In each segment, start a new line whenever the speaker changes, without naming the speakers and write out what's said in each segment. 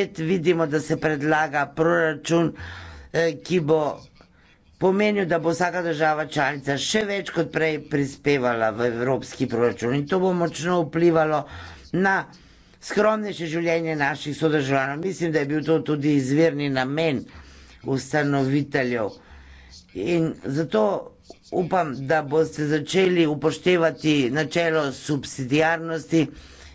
spet vidimo, da se predlaga proračun, eh, ki bo pomenil, da bo vsaka država članica še več kot prej prispevala v evropski proračun in to bo močno vplivalo na skromnejše življenje naših sodržavljanov. Mislim, da je bil to tudi izvirni namen ustanoviteljev. In zato upam, da boste začeli upoštevati načelo subsidijarnosti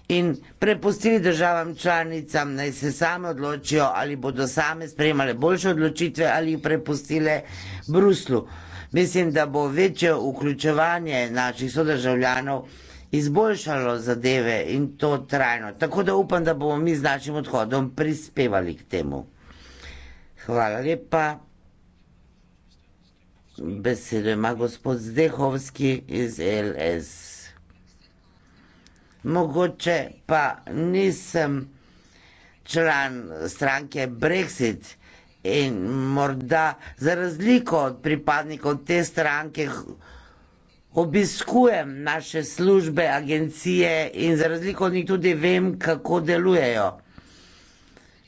in prepustili državam članicam, naj se same odločijo, ali bodo same sprejemale boljše odločitve ali jih prepustile Bruslu. Mislim, da bo večje vključevanje naših sodržavljanov izboljšalo zadeve in to trajno. Tako da upam, da bomo mi z našim odhodom prispevali k temu. Hvala lepa. Besedo ima gospod Zdehovski iz LS mogoče pa nisem član stranke Brexit in morda za razliko od pripadnikov te stranke obiskujem naše službe, agencije in za razliko od njih tudi vem, kako delujejo.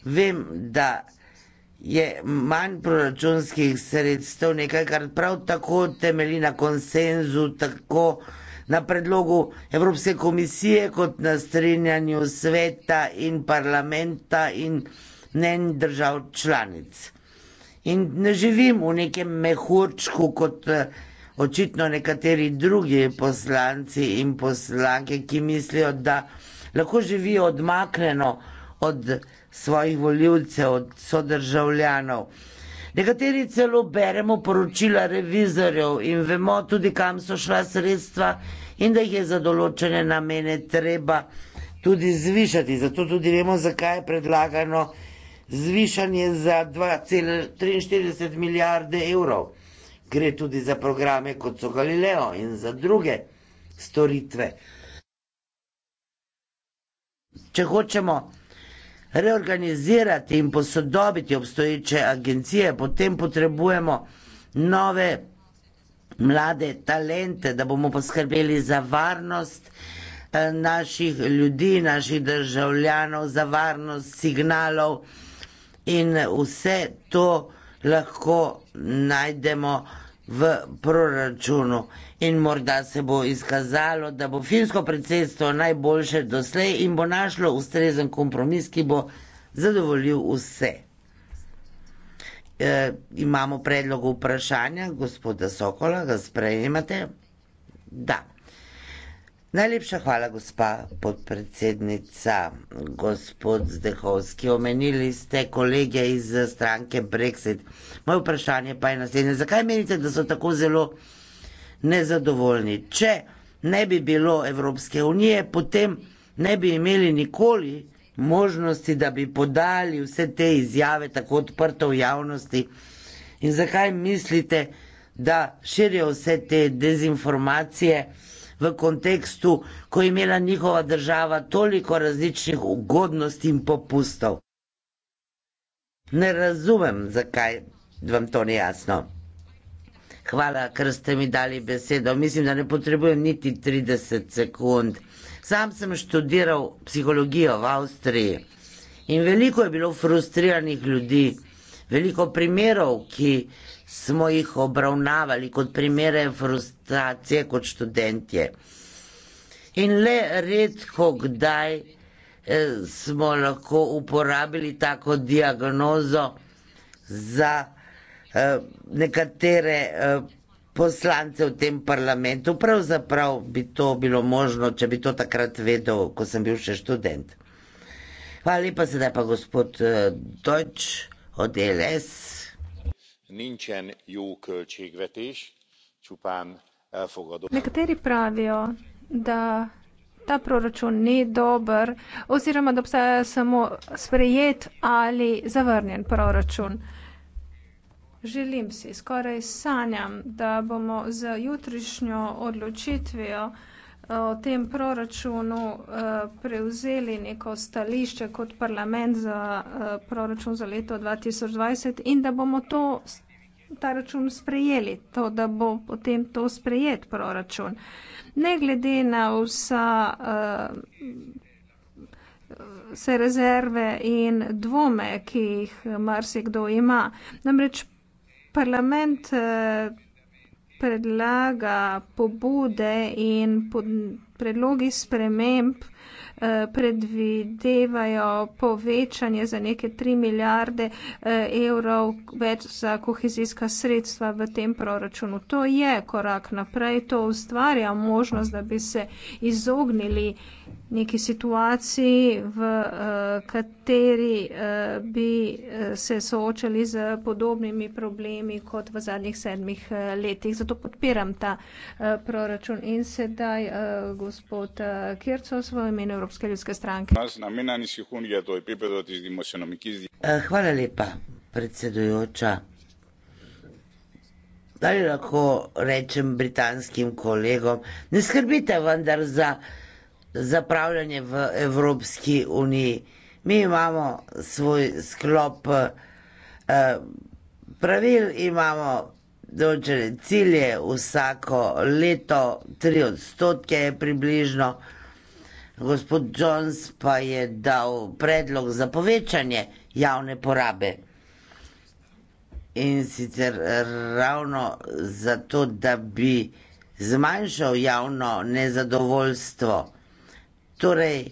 Vem, da je manj proračunskih sredstev nekaj, kar prav tako temelji na konsenzu, tako na predlogu Evropske komisije, kot na strinjanju sveta in parlamenta in mnen držav članic. In ne živim v nekem mehurčku, kot eh, očitno nekateri drugi poslanci in poslanke, ki mislijo, da lahko živijo odmakneno od svojih voljivcev, od sodržavljanov. Nekateri celo beremo poročila revizorjev in vemo tudi, kam so šla sredstva in da jih je za določene namene treba tudi zvišati. Zato tudi vemo, zakaj je predlagano zvišanje za 2,43 milijarde evrov. Gre tudi za programe kot so Galileo in za druge storitve. Če hočemo reorganizirati in posodobiti obstoječe agencije, potem potrebujemo nove mlade talente, da bomo poskrbeli za varnost eh, naših ljudi, naših državljanov, za varnost signalov in vse to lahko najdemo v proračunu in morda se bo izkazalo, da bo finsko predsedstvo najboljše doslej in bo našlo ustrezen kompromis, ki bo zadovoljil vse. E, imamo predlog vprašanja, gospoda Sokola, ga sprejemate? Da. Najlepša hvala, gospa podpredsednica, gospod Zdehovski. Omenili ste kolege iz stranke Brexit. Moje vprašanje pa je naslednje. Zakaj menite, da so tako zelo nezadovoljni? Če ne bi bilo Evropske unije, potem ne bi imeli nikoli možnosti, da bi podali vse te izjave tako odprto v javnosti. In zakaj mislite, da širijo vse te dezinformacije? v kontekstu, ko je imela njihova država toliko različnih ugodnosti in popustov. Ne razumem, zakaj vam to ni jasno. Hvala, ker ste mi dali besedo. Mislim, da ne potrebujem niti 30 sekund. Sam sem študiral psihologijo v Avstriji in veliko je bilo frustriranih ljudi. Veliko primerov, ki smo jih obravnavali kot primere frustracije kot študentje. In le redko kdaj eh, smo lahko uporabili tako diagnozo za eh, nekatere eh, poslance v tem parlamentu. Pravzaprav bi to bilo možno, če bi to takrat vedel, ko sem bil še študent. Hvala lepa sedaj pa gospod Deutsch nincsen jó költségvetés csupán
elfogadott. Nekateri pravijo, da ta proračun ni dober oziroma da obstaja samo sprejet ali zavrnjen proračun. Želim si, skoraj sanjam, da bomo z jutrišnjo odločitvijo o eh, tem proračunu eh, prevzeli neko stališče kot parlament za eh, proračun za leto 2020 in da bomo to, ta račun sprejeli, to, da bo potem to sprejet proračun. Ne glede na vsa vse rezerve in dvome, ki jih marsikdo ima. Namreč parlament predlaga pobude in pod, predlogi sprememb eh, predvidevajo povečanje za neke 3 milijarde eh, evrov več za kohezijska sredstva v tem proračunu. To je korak naprej, to ustvarja možnost, da bi se izognili neki situaciji, v eh, kateri eh, bi eh, se soočali z podobnimi problemi kot v zadnjih sedmih letih. Zato podpiram ta proračun. In sedaj gospod Kircos v imenu Evropske ljudske stranke.
Hvala lepa, predsedujoča. Da li lahko rečem britanskim kolegom, ne skrbite vendar za zapravljanje v Evropski uniji. Mi imamo svoj sklop eh, pravil, imamo določene cilje, vsako leto tri odstotke je približno. Gospod Jones pa je dal predlog za povečanje javne porabe. In sicer ravno zato, da bi zmanjšal javno nezadovoljstvo. Torej,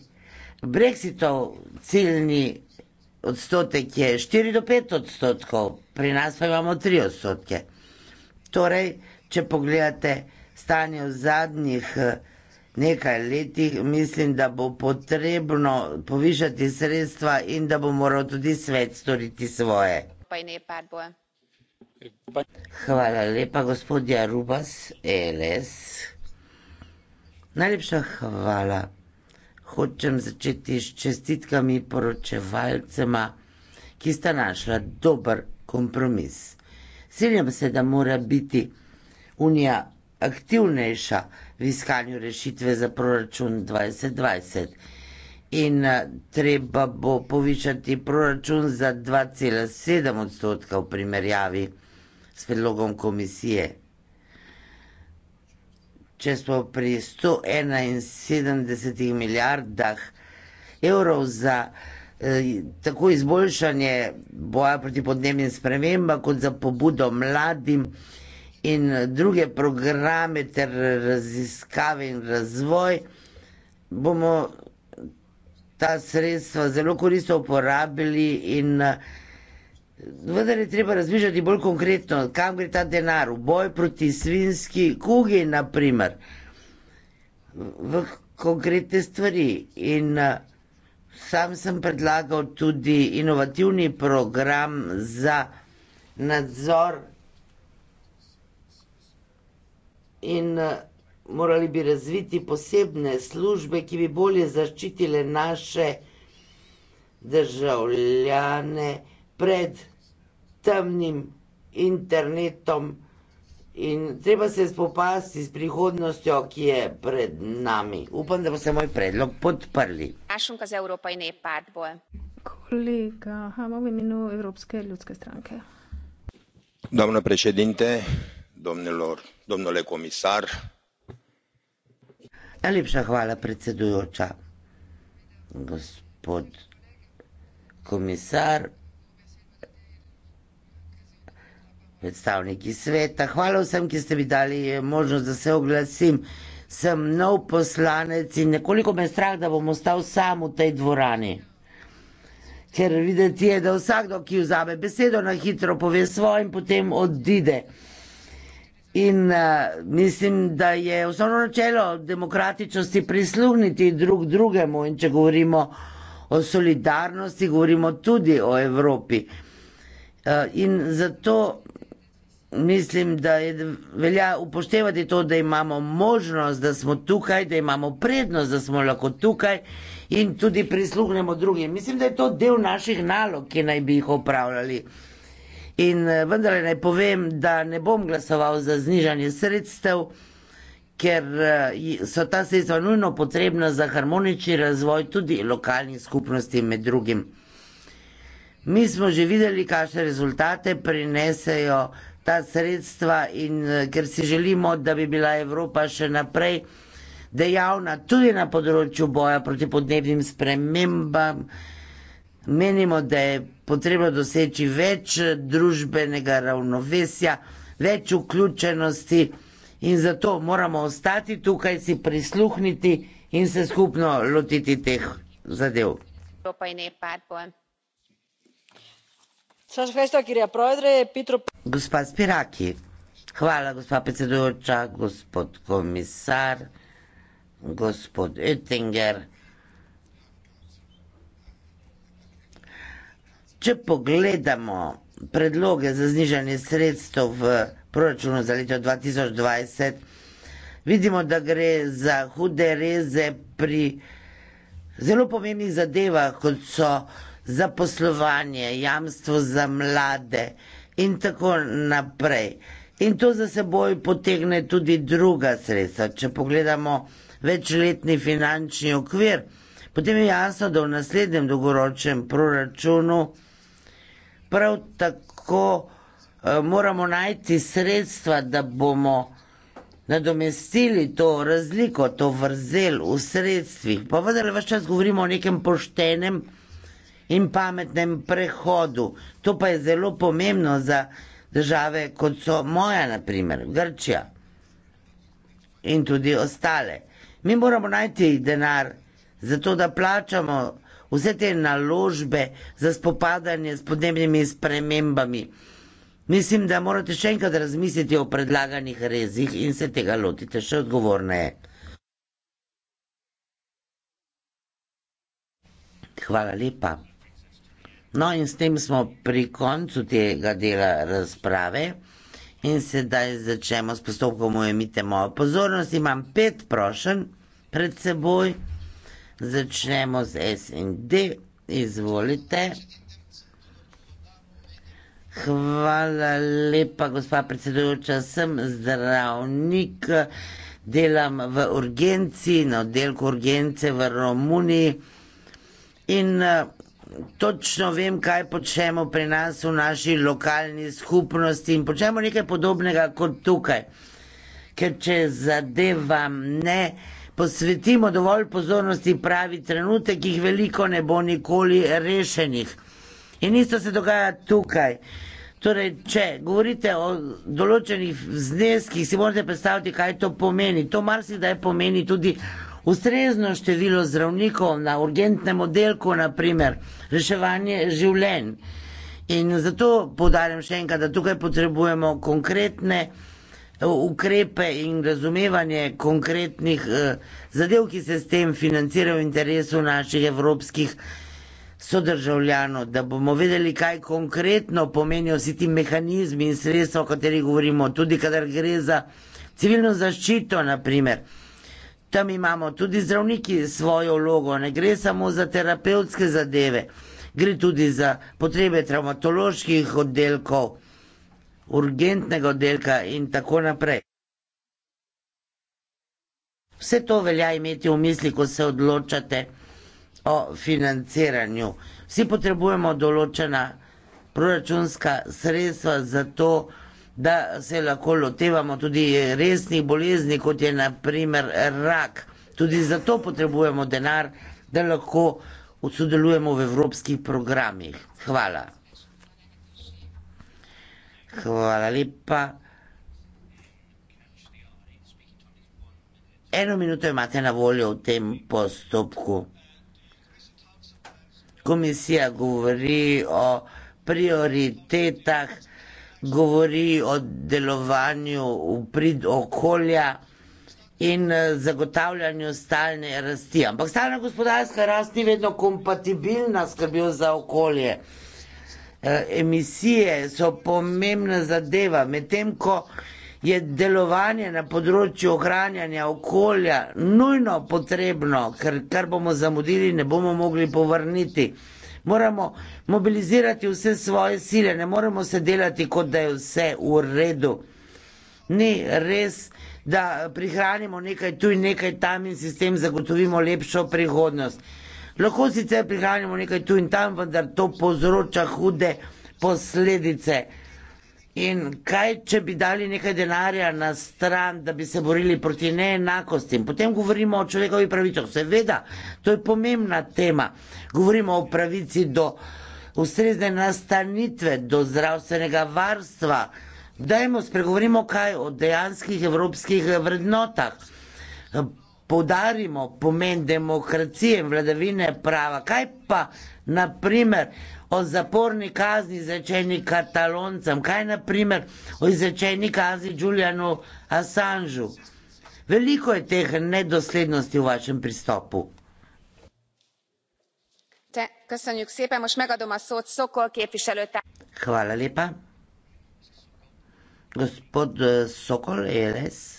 brexitov ciljni odstotek je 4 do 5 odstotkov, pri nas pa imamo 3 odstotke. Torej, če pogledate stanje v zadnjih eh, nekaj letih, mislim, da bo potrebno povišati sredstva in da bo moral tudi svet storiti svoje. Hvala lepa, gospod Jarubas, LS. Najlepša hvala hočem začeti s čestitkami poročevalcema, ki sta našla dober kompromis. Siljam se, da mora biti Unija aktivnejša v iskanju rešitve za proračun 2020 in eh, treba bo povišati proračun za 2,7 odstotka v primerjavi s predlogom komisije če smo pri 171 milijardah evrov za eh, tako izboljšanje boja proti podnebnim spremembam, kot za pobudo mladim in druge programe ter raziskave in razvoj, bomo ta sredstva zelo koristno uporabili in eh, Vendar je treba razmišljati bolj konkretno, kam gre ta denar, v boj proti svinski kugi, naprimer, v konkretne stvari. In eh, sam sem predlagal tudi inovativni program za nadzor in eh, morali bi razviti posebne službe, ki bi bolje zaščitile naše državljane pred temnim internetom in treba se spopasti s prihodnostjo, ki je pred nami. Upam, da boste moj predlog podprli.
Kolega Hamov v imenu Evropske ljudske stranke.
Domno prešedinte,
domnilor, domnole komisar.
Najlepša hvala, predsedujoča. Gospod komisar, predstavniki sveta. Hvala vsem, ki ste mi dali eh, možnost, da se oglasim. Sem nov poslanec in nekoliko me strah, da bom ostal sam v tej dvorani. Ker videti je, da vsakdo, ki vzame besedo na hitro, pove svoje in potem odide. In uh, mislim, da je osnovno načelo demokratičnosti prisluhniti drug drugemu in če govorimo o solidarnosti, govorimo tudi o Evropi. Uh, in zato mislim, da je velja upoštevati to, da imamo možnost, da smo tukaj, da imamo prednost, da smo lahko tukaj in tudi prisluhnemo drugim. Mislim, da je to del naših nalog, ki naj bi jih opravljali. In eh, vendar naj povem, da ne bom glasoval za znižanje sredstev, ker eh, so ta sredstva nujno potrebna za harmonični razvoj tudi lokalnih skupnosti med drugim. Mi smo že videli, kakšne rezultate prinesejo ta sredstva in eh, ker si želimo, da bi bila Evropa še naprej dejavna tudi na področju boja proti podnebnim spremembam, menimo, da je potrebno doseči več družbenega ravnovesja, več vključenosti in zato moramo ostati tukaj, si prisluhniti in se skupno lotiti teh zadev gospa spiraki hvala gospa predsedujoča gospod komisar gospod oettinger če pogledamo predloge za znižanje sredstev v proračunu za leto dva tisoč dvajset vidimo da gre za hude reze pri zelo pomembnih zadevah kot so za poslovanje, jamstvo za mlade in tako naprej. In to za seboj potegne tudi druga sredstva. Če pogledamo večletni finančni okvir, potem je jasno, da v naslednjem dolgoročnem proračunu prav tako eh, moramo najti sredstva, da bomo nadomestili to razliko, to vrzel v sredstvih. Pa vendar le vse čas govorimo o nekem poštenem in pametnem prehodu. To pa je zelo pomembno za države, kot so moja, naprimer Grčija in tudi ostale. Mi moramo najti denar za to, da plačamo vse te naložbe za spopadanje s podnebnimi spremembami. Mislim, da morate še enkrat razmisliti o predlaganih rezih in se tega lotite še odgovorneje. Hvala lepa. No, in s tem smo pri koncu tega dela razprave. In sedaj začnemo s postopkom, ujemite mojo pozornost. Imam pet prošen pred seboj. Začnemo z S in D. Izvolite. Hvala lepa, gospa predsedujoča. Sem zdravnik, delam v urgenci, na oddelku urgence v Romuniji. In uh, Točno vem, kaj počnemo pri nas v naši lokalni skupnosti in počnemo nekaj podobnega kot tukaj. Ker če zadeva ne posvetimo dovolj pozornosti pravi trenutek, jih veliko ne bo nikoli rešenih. In isto se dogaja tukaj. Torej, če govorite o določenih zneskih, si morate predstaviti, kaj to pomeni. To marsikdaj pomeni tudi ustrezno število zdravnikov na urgentnem oddelku, naprimer reševanje življenj. In zato podarjam še enkrat, da tukaj potrebujemo konkretne eh, ukrepe in razumevanje konkretnih eh, zadev, ki se s tem financirajo v interesu naših evropskih sodržavljano, da bomo vedeli, kaj konkretno pomenijo vsi ti mehanizmi in sredstva, o katerih govorimo, tudi kadar gre za civilno zaščito, naprimer tam imamo tudi zdravniki svojo vlogo, ne gre samo za terapevtske zadeve, gre tudi za potrebe traumatoloških oddelkov, urgentnega oddelka in tako naprej. Vse to velja imeti v misli, ko se odločate o financiranju. Vsi potrebujemo določena proračunska sredstva za to, da da se lahko lotevamo tudi resnih bolezni, kot je naprimer rak. Tudi zato potrebujemo denar, da lahko sodelujemo v evropskih programih. Hvala. Hvala lepa. Eno minuto imate na voljo v tem postopku. Komisija govori o prioritetah govori o delovanju v prid okolja in eh, zagotavljanju stalne rasti. Ampak stalna gospodarska rast ni vedno kompatibilna skrbjo za okolje. Eh, emisije so pomembna zadeva, medtem ko je delovanje na področju ohranjanja okolja nujno potrebno, ker kar bomo zamudili, ne bomo mogli povrniti moramo mobilizirati vse svoje sile, ne moramo se delati, kot da je vse v redu. Ni res, da prihranimo nekaj tu in nekaj tam in si s tem zagotovimo lepšo prihodnost. Lahko sicer prihranimo nekaj tu in tam, vendar to povzroča hude posledice. In kaj, če bi dali nekaj denarja na stran, da bi se borili proti neenakosti? Potem govorimo o človekovih pravicah, seveda, to je pomembna tema. Govorimo o pravici do ustrezne nastanitve, do zdravstvenega varstva. Dajmo spregovorimo kaj o dejanskih evropskih vrednotah. Poudarimo pomen demokracije in vladavine prava. Kaj pa, naprimer, o zaporni kazni izrečeni kataloncem, kaj naprimer o izrečeni kazni Julianu Assangeu. Veliko je teh nedoslednosti v vašem pristopu. Hvala lepa. Gospod eh, Sokol, ELS.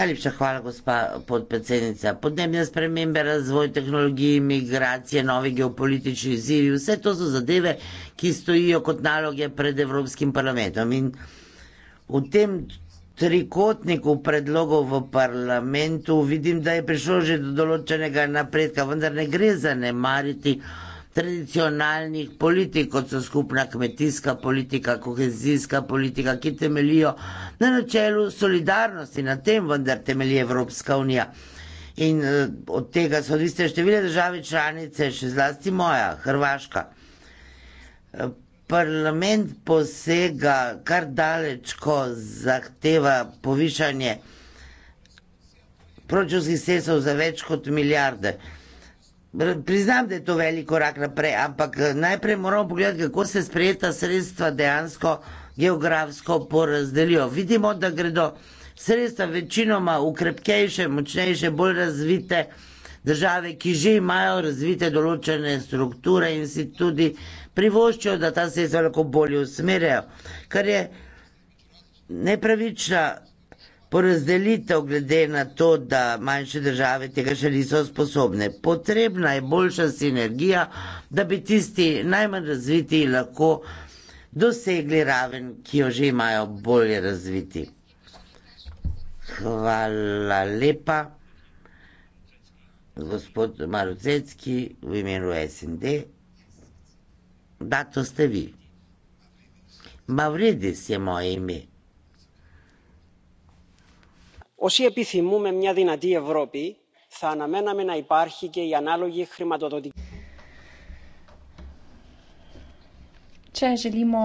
Najlepša hvala, gospa podpredsednica. Podnebne spremembe, razvoj tehnologije, imigracije, novi geopolitični izzivi, vse to so zadeve, ki stojijo kot naloge pred Evropskim parlamentom. In v tem trikotniku predlogov v parlamentu vidim, da je prišlo že do določenega napredka, vendar ne gre zanemariti tradicionalnih politik, kot so skupna kmetijska politika, kohezijska politika, ki temelijo na načelu solidarnosti, na tem vendar temelji Evropska unija. In eh, od tega so odvisne številne države članice, še zlasti moja, Hrvaška. Eh, parlament posega kar daleč, ko zahteva povišanje proračunskih sredstev za več kot milijarde. Priznam, da je to velik korak naprej, ampak eh, najprej moramo pogledati, kako se sprejeta sredstva dejansko geografsko porazdelijo. Vidimo, da gredo sredstva večinoma v krepkejše, močnejše, bolj razvite države, ki že imajo razvite določene strukture in si tudi privoščijo, da ta sredstva lahko bolje usmerjajo, kar je nepravična porazdelitev glede na to, da manjše države tega še niso sposobne. Potrebna je boljša sinergija, da bi tisti najmanj razviti lahko dosegli raven, ki jo že imajo bolje razviti. Hvala lepa, gospod Marocecki v imenu SND. Da, to ste vi. Mavridis je moje ime
όσοι επιθυμούμε μια δυνατή ευρώπη θα αναμέναμε να υπάρχει και η ανάλογη χρηματοδοτική. Če želimo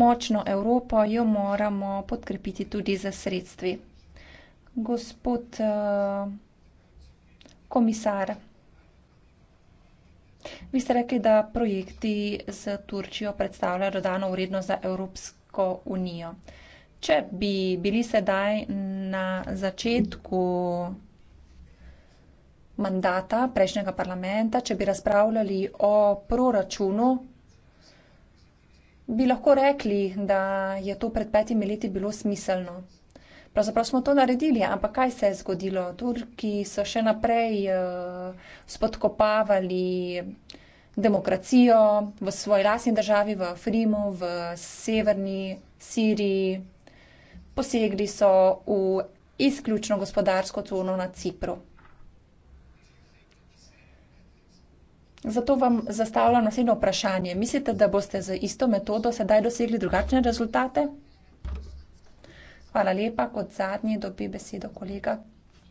močno Evropo, jo moramo podkrepiti tudi za sredstvi. Gospod uh, komisar, vi ste rekli, da projekti z Turčijo predstavljajo dodano vrednost za Evropsko unijo. Uh, Če bi bili sedaj na začetku mandata prejšnjega parlamenta, če bi razpravljali o proračunu, bi lahko rekli, da je to pred petimi leti bilo smiselno. Pravzaprav smo to naredili, ampak kaj se je zgodilo? Turki so še naprej eh, spodkopavali demokracijo v svoji lasni državi, v Afrimu, v severni Siriji, posegli so v izključno gospodarsko cono na Cipru. Zato vam zastavljam naslednje vprašanje. Mislite, da boste z isto metodo sedaj dosegli drugačne rezultate? Hvala lepa. Kot zadnji dobi besedo kolega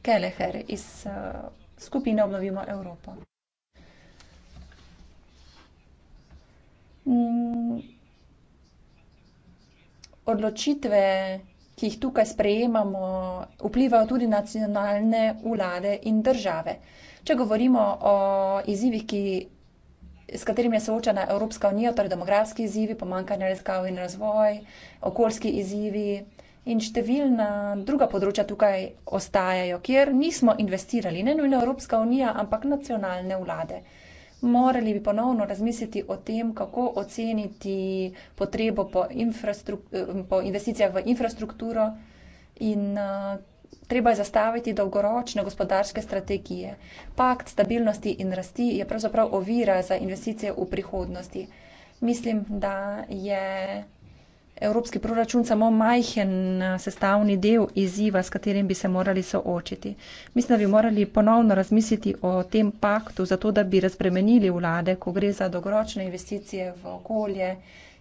Keleher iz uh, skupine Obnovimo Evropo.
Mm.
Odločitve ki jih tukaj sprejemamo, vplivajo tudi nacionalne vlade in države. Če govorimo o izzivih, ki, s katerimi je soočena Evropska unija, torej demografski izzivi, pomankanje raziskav in razvoj, okoljski izzivi in številna druga področja tukaj ostajajo, kjer nismo investirali, ne nujno Evropska unija, ampak nacionalne vlade morali bi ponovno razmisliti o tem, kako oceniti potrebo po, po investicijah v infrastrukturo in eh, treba je zastaviti dolgoročne gospodarske strategije. Pakt stabilnosti in rasti je pravzaprav ovira za investicije v prihodnosti. Mislim, da je Evropski proračun samo majhen eh, sestavni del izziva, s katerim bi se morali soočiti. Mislim, da bi morali ponovno razmisliti o tem paktu, zato da bi razpremenili vlade, ko gre za dogoročne investicije v okolje,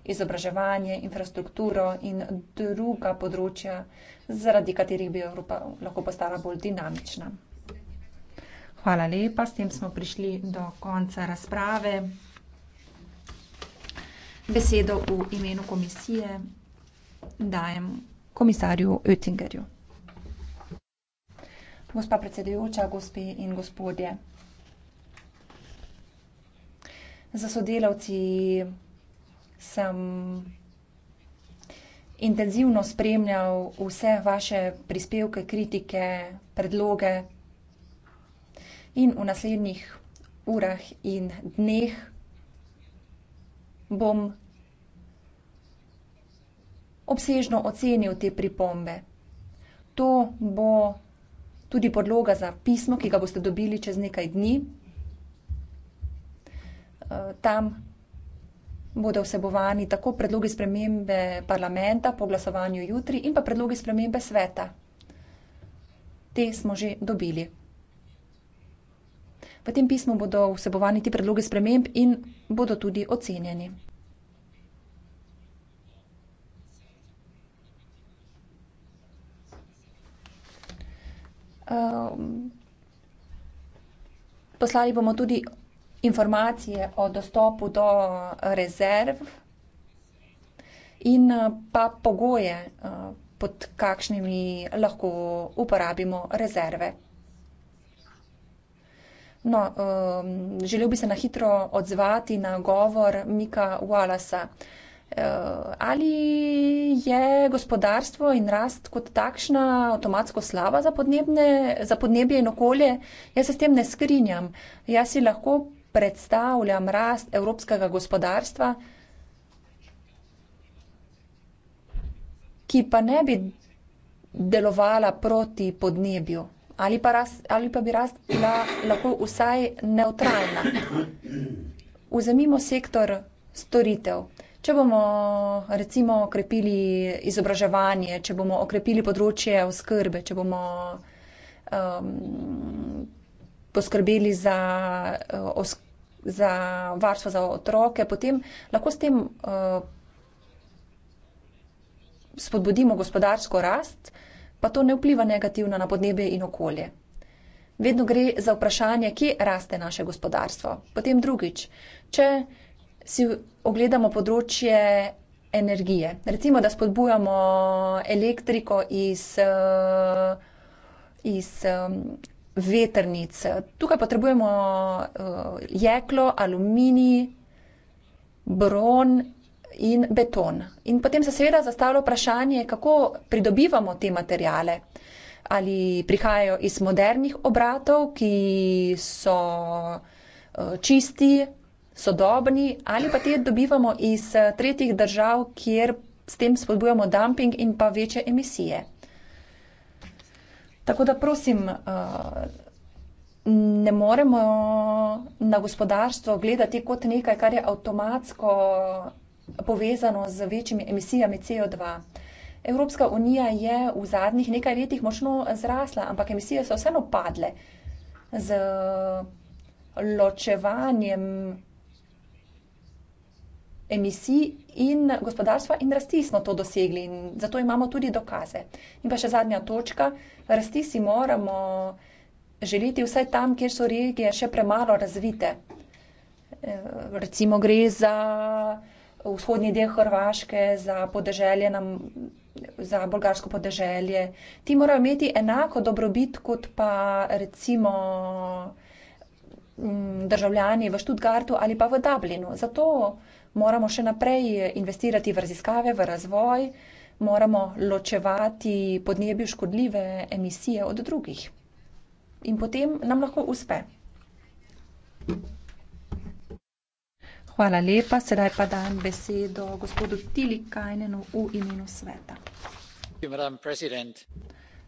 izobraževanje, infrastrukturo in druga področja, zaradi katerih bi Evropa lahko postala bolj dinamična. Hvala lepa, s tem smo prišli do konca razprave besedo v imenu komisije dajem komisarju Oettingerju. Gospa predsedujoča, gospe in gospodje. S sodelavci sem intenzivno spremljal vse vaše prispevke, kritike, predloge in v naslednjih urah in dneh bom obsežno ocenil te pripombe. To bo tudi podloga za pismo, ki ga boste dobili čez nekaj dni. Eh, tam bodo vsebovani tako predlogi spremembe parlamenta po glasovanju jutri in pa predlogi spremembe sveta. Te smo že dobili. V tem pismu bodo vsebovani ti predlogi sprememb in bodo tudi ocenjeni. Ehm, poslali bomo tudi informacije o dostopu do rezerv in eh, pa pogoje, eh, pod kakšnimi lahko uporabimo rezerve. No, um, želel bi se na hitro odzvati na govor Mika Wallasa. Uh, ali je gospodarstvo in rast kot takšna avtomatsko slava za, podnebne, za podnebje in okolje? Jaz se s tem ne skrinjam. Jaz si lahko predstavljam rast evropskega gospodarstva, ki pa ne bi delovala proti podnebju ali pa, raz, ali pa bi rast bila lahko vsaj neutralna. Vzemimo sektor storitev. Če bomo recimo okrepili izobraževanje, če bomo okrepili področje oskrbe, če bomo um, poskrbeli za, uh, osk za varstvo za otroke, potem lahko s tem uh, spodbudimo gospodarsko rast, uh, pa to ne vpliva negativno na podnebje in okolje. Vedno gre za vprašanje, kje raste naše gospodarstvo. Potem drugič, če si ogledamo področje energije, recimo, da spodbujamo elektriko iz, iz um, vetrnic, tukaj potrebujemo uh, jeklo, aluminij, bron, in beton. In potem se seveda zastavlja vprašanje, kako pridobivamo te materijale. Ali prihajajo iz modernih obratov, ki so eh, čisti, sodobni, ali pa te dobivamo iz eh, tretjih držav, kjer s tem spodbujamo dumping in pa večje emisije. Tako da prosim, eh, ne moremo na gospodarstvo gledati kot nekaj, kar je avtomatsko povezano z večjimi emisijami CO2. Evropska unija je v zadnjih nekaj letih močno zrasla, ampak emisije so vseeno padle z ločevanjem emisij in gospodarstva in rasti smo to dosegli in zato imamo tudi dokaze. In pa še zadnja točka, rasti si moramo želiti vsaj tam, kjer so regije še premalo razvite. Recimo gre za vzhodni del Hrvaške, za podeželje nam, za bolgarsko podeželje. Ti morajo imeti enako dobrobit kot pa recimo državljani v Študgartu ali pa v Dublinu. Zato moramo še naprej investirati v raziskave, v razvoj, moramo ločevati podnebju škodljive emisije od drugih. In potem nam lahko uspe. Thank you. Hvala lepa, sedaj pa dajem besedo gospodu Tiilikainenu v imenu sveta.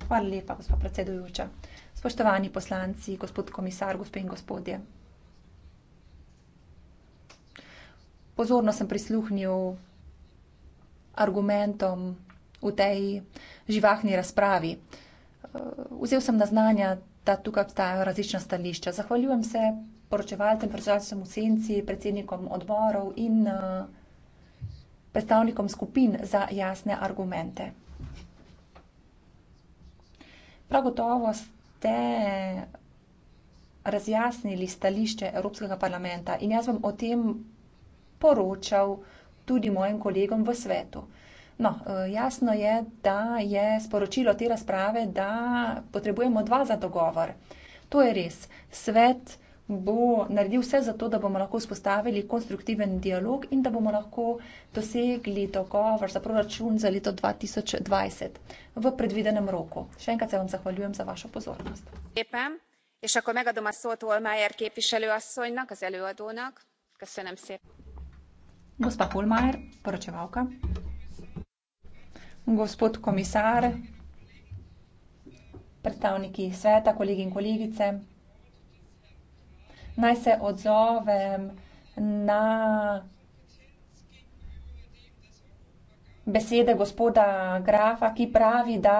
Hvala lepa, gospa predsedujoča. Spoštovani poslanci, gospod komisar, gospe in gospodje. Pozorno sem prisluhnil argumentom v tej živahni razpravi. vzel sem na znanje, da tukaj obstajajo različna stališča. Zahvaljujem se poročevalcem, poročevalcem v senci, predsednikom odborov in eh, predstavnikom skupin za jasne argumente. Prav gotovo ste razjasnili stališče Evropskega parlamenta in jaz vam o tem poročal tudi mojim kolegom v svetu. No, eh, jasno je, da je sporočilo te razprave, da potrebujemo dva za dogovor. To je res. Svet bo naredil vse za to, da bomo lahko spostavili konstruktiven dialog in da bomo lahko dosegli dogovor za proračun za leto 2020 v predvidenem roku. Še enkrat se vam zahvaljujem za vašo pozornost.
Lepa. És akkor megadom a szót Olmeier képviselőasszonynak, az előadónak. Köszönöm szépen.
Gospa Olmeier, poročevalka. Gospod komisár, predstavniki sveta, kolegi in kolegice, naj se odzovem na besede gospoda Grafa, ki pravi, da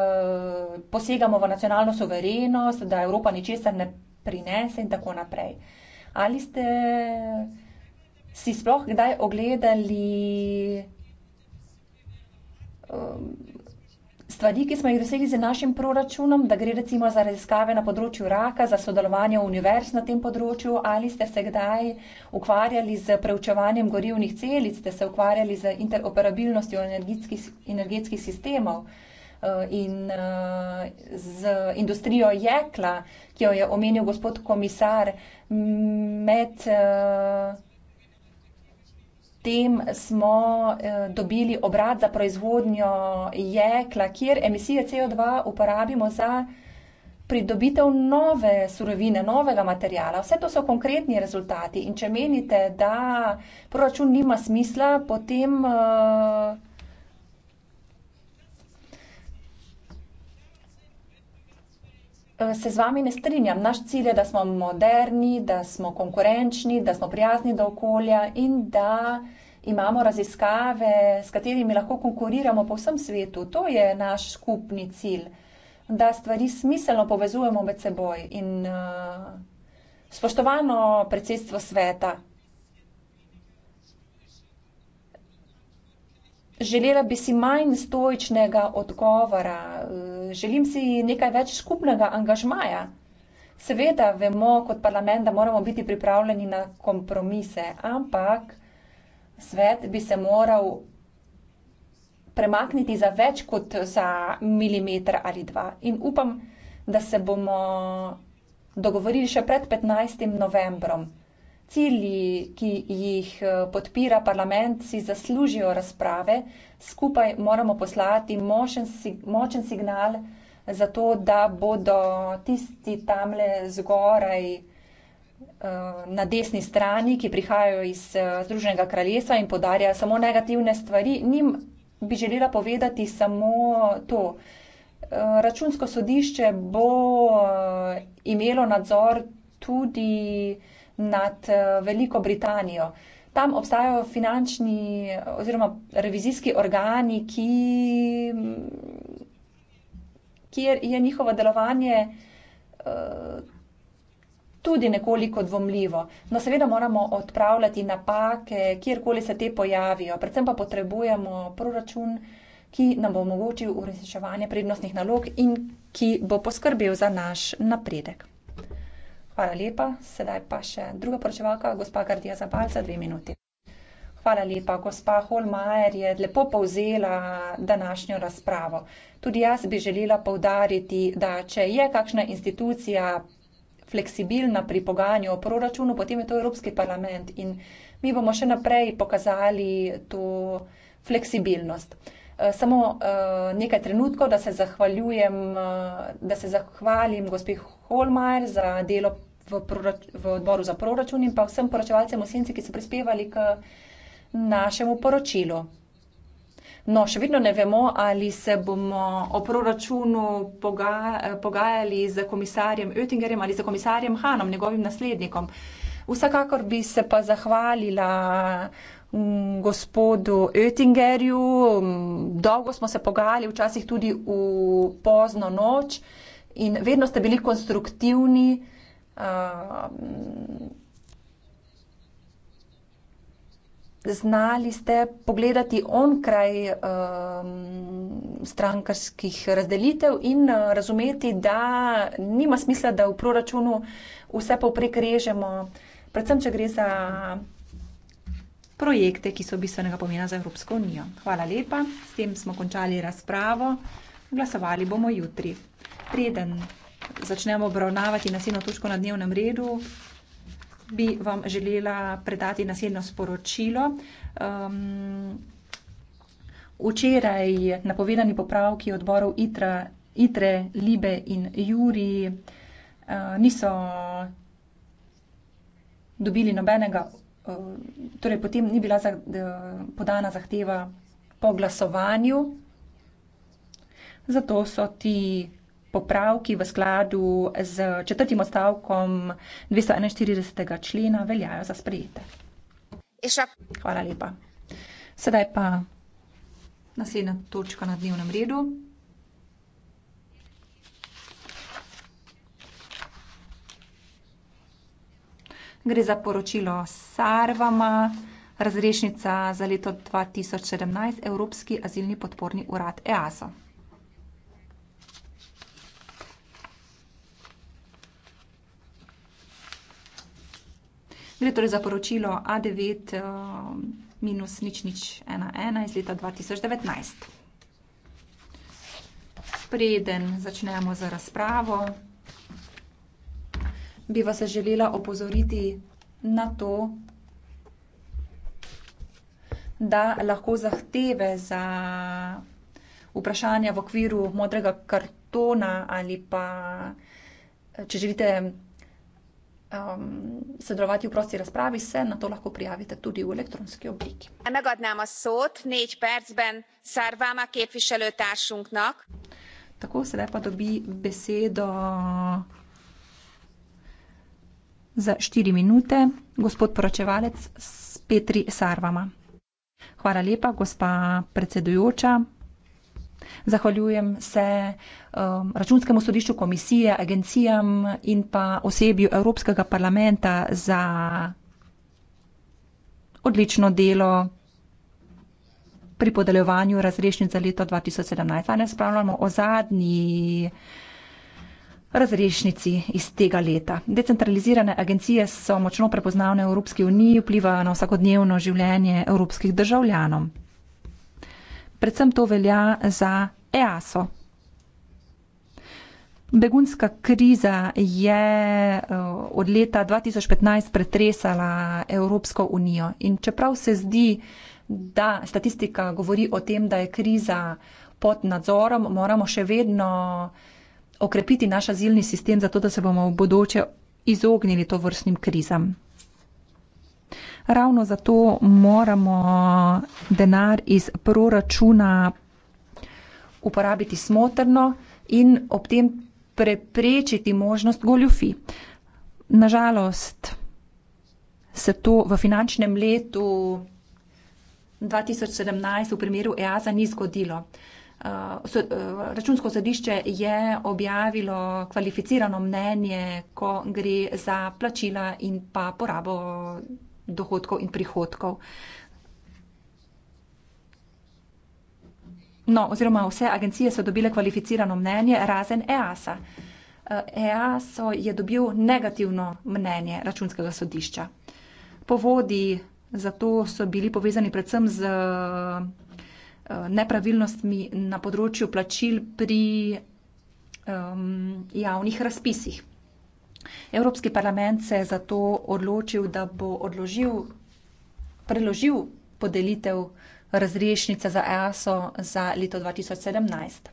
eh, posegamo v nacionalno suverenost, da Evropa ničesar ne prinese in tako naprej. Ali ste si sploh kdaj ogledali um, stvari, ki smo jih dosegli z našim proračunom, da gre recimo za raziskave na področju raka, za sodelovanje univerz na tem področju, ali ste se kdaj ukvarjali z preučevanjem gorivnih celic, ste se ukvarjali z interoperabilnostjo energetskih, energetskih sistemov eh, in eh, z industrijo jekla, ki jo je omenil gospod komisar, med eh, potem smo eh, dobili obrat za proizvodnjo jekla, kjer emisije CO2 uporabimo za pridobitev nove surovine, novega materijala. Vse to so konkretni rezultati in če menite, da proračun nima smisla, potem uh, Eh, se z vami ne strinjam. Naš cilj je, da smo moderni, da smo konkurenčni, da smo prijazni do okolja in da imamo raziskave, s katerimi lahko konkuriramo po vsem svetu. To je naš skupni cilj, da stvari smiselno povezujemo med seboj in uh, spoštovano predsedstvo sveta. Želela bi si manj stoičnega odgovora. Uh, želim si nekaj več skupnega angažmaja. Seveda vemo kot parlament, da moramo biti pripravljeni na kompromise, ampak svet bi se moral premakniti za več kot za milimeter ali dva. In upam, da se bomo dogovorili še pred 15. novembrom cilji, ki jih eh, podpira parlament, si zaslužijo razprave. Skupaj moramo poslati močen, močen signal za to, da bodo tisti tamle zgoraj eh, na desni strani, ki prihajajo iz eh, Združenega kraljestva in podarjajo samo negativne stvari, njim bi želela povedati samo to. Računsko sodišče bo imelo nadzor tudi nad eh, Veliko Britanijo. Tam obstajajo finančni oziroma revizijski organi, ki, kjer je njihovo delovanje eh, tudi nekoliko dvomljivo. No, seveda moramo odpravljati napake, kjerkoli se te pojavijo. Predvsem pa potrebujemo proračun, ki nam bo omogočil uresničevanje prednostnih nalog in ki bo poskrbel za naš napredek. Hvala lepa. Sedaj pa še druga poročevalka, gospa Gardija Zabal, za dve minuti. Hvala lepa. Gospa Holmajer je lepo povzela današnjo razpravo. Tudi jaz bi želela povdariti, da če je kakšna institucija fleksibilna pri pogajanju o proračunu, potem je to Evropski parlament in mi bomo še naprej pokazali to fleksibilnost. Eh, samo eh, nekaj trenutkov, da se zahvaljujem, eh, da se zahvalim gospe Holmajer za delo v, v odboru za proračun in pa vsem poročevalcem v senci, ki so prispevali k našemu poročilu. No, še vedno ne vemo, ali se bomo o proračunu poga, pogajali z komisarjem Oettingerjem ali z komisarjem Hanom, njegovim naslednikom. Vsekakor bi se pa zahvalila mm, gospodu Oettingerju. Dolgo smo se pogajali, včasih tudi v pozno noč in vedno ste bili konstruktivni. Ehm, znali ste pogledati onkraj ehm, strankarskih razdelitev in eh, razumeti, da nima smisla, da v proračunu vse povprek režemo, predvsem, če gre za projekte, ki so bistvenega pomena za Evropsko unijo. Hvala lepa, s tem smo končali razpravo, glasovali bomo jutri. Preden začnemo obravnavati naslednjo točko na dnevnem redu, bi vam želela predati naslednjo sporočilo. Um, včeraj napovedani popravki odborov ITRA, ITRE, LIBE in JURI uh, niso dobili nobenega, uh, torej potem ni bila za, uh, podana zahteva po glasovanju, zato so ti popravki v skladu z četrtim odstavkom 241. člena veljajo za sprejete. Hvala lepa. Sedaj pa naslednja točka na dnevnem redu. Gre za poročilo Sarvama, razrešnica za leto 2017, Evropski azilni podporni urad EASO. Gre torej za poročilo A9-0011 eh, iz leta 2019. Preden začnemo z razpravo, bi vas želela opozoriti na to, da lahko zahteve za vprašanja v okviru modrega kartona ali pa, če želite, um, sodelovati v prosti razpravi, se na to lahko prijavite tudi v elektronski obliki.
Megadnám a szót négy percben
Szarváma képviselőtársunknak. Tako sedaj pa dobi besedo za štiri minute gospod poročevalec Petri Sarvama. Hvala lepa, gospa predsedujoča. Zahvaljujem se um, računskemu sodišču komisije, agencijam in pa osebju Evropskega parlamenta za odlično delo pri podeljevanju razrešnic za leto 2017. Danes spravljamo o zadnji razrešnici iz tega leta. Decentralizirane agencije so močno prepoznavne v Evropski uniji, vplivajo na vsakodnevno življenje evropskih državljanov. Predvsem to velja za EASO. Begunska kriza je eh, od leta 2015 pretresala Evropsko unijo in čeprav se zdi, da statistika govori o tem, da je kriza pod nadzorom, moramo še vedno okrepiti naš azilni sistem, zato da se bomo v bodoče izognili to vrstnim krizam. Ravno zato moramo denar iz proračuna uporabiti smotrno in ob tem preprečiti možnost goljufi. Nažalost se to v finančnem letu 2017 v primeru EASA ni zgodilo. Uh, uh, računsko sodišče je objavilo kvalificirano mnenje, ko gre za plačila in pa porabo dohodkov in prihodkov. No, oziroma vse agencije so dobile kvalificirano mnenje, razen EASA. EASO je dobil negativno mnenje računskega sodišča. Povodi za to so bili povezani predvsem z eh, nepravilnostmi na področju plačil pri um, javnih razpisih. Evropski parlament se je zato odločil, da bo odložil, preložil podelitev razrešnice za EASO za leto 2017.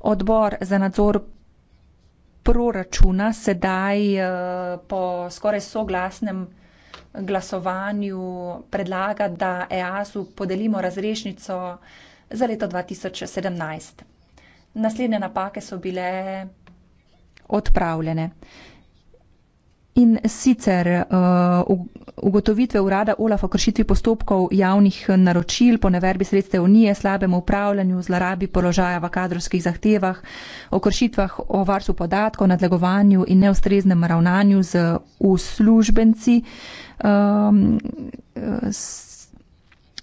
Odbor za nadzor proračuna sedaj eh, po skoraj soglasnem glasovanju predlaga, da EASO podelimo razrešnico za leto 2017. Naslednje napake so bile odpravljene. In sicer uh, ugotovitve urada OLAF o kršitvi postopkov javnih naročil po neverbi sredstev unije, slabem upravljanju, zlorabi položaja v kadrovskih zahtevah, o kršitvah o varstvu podatkov, nadlegovanju in neustreznem ravnanju z uslužbenci. Um, s,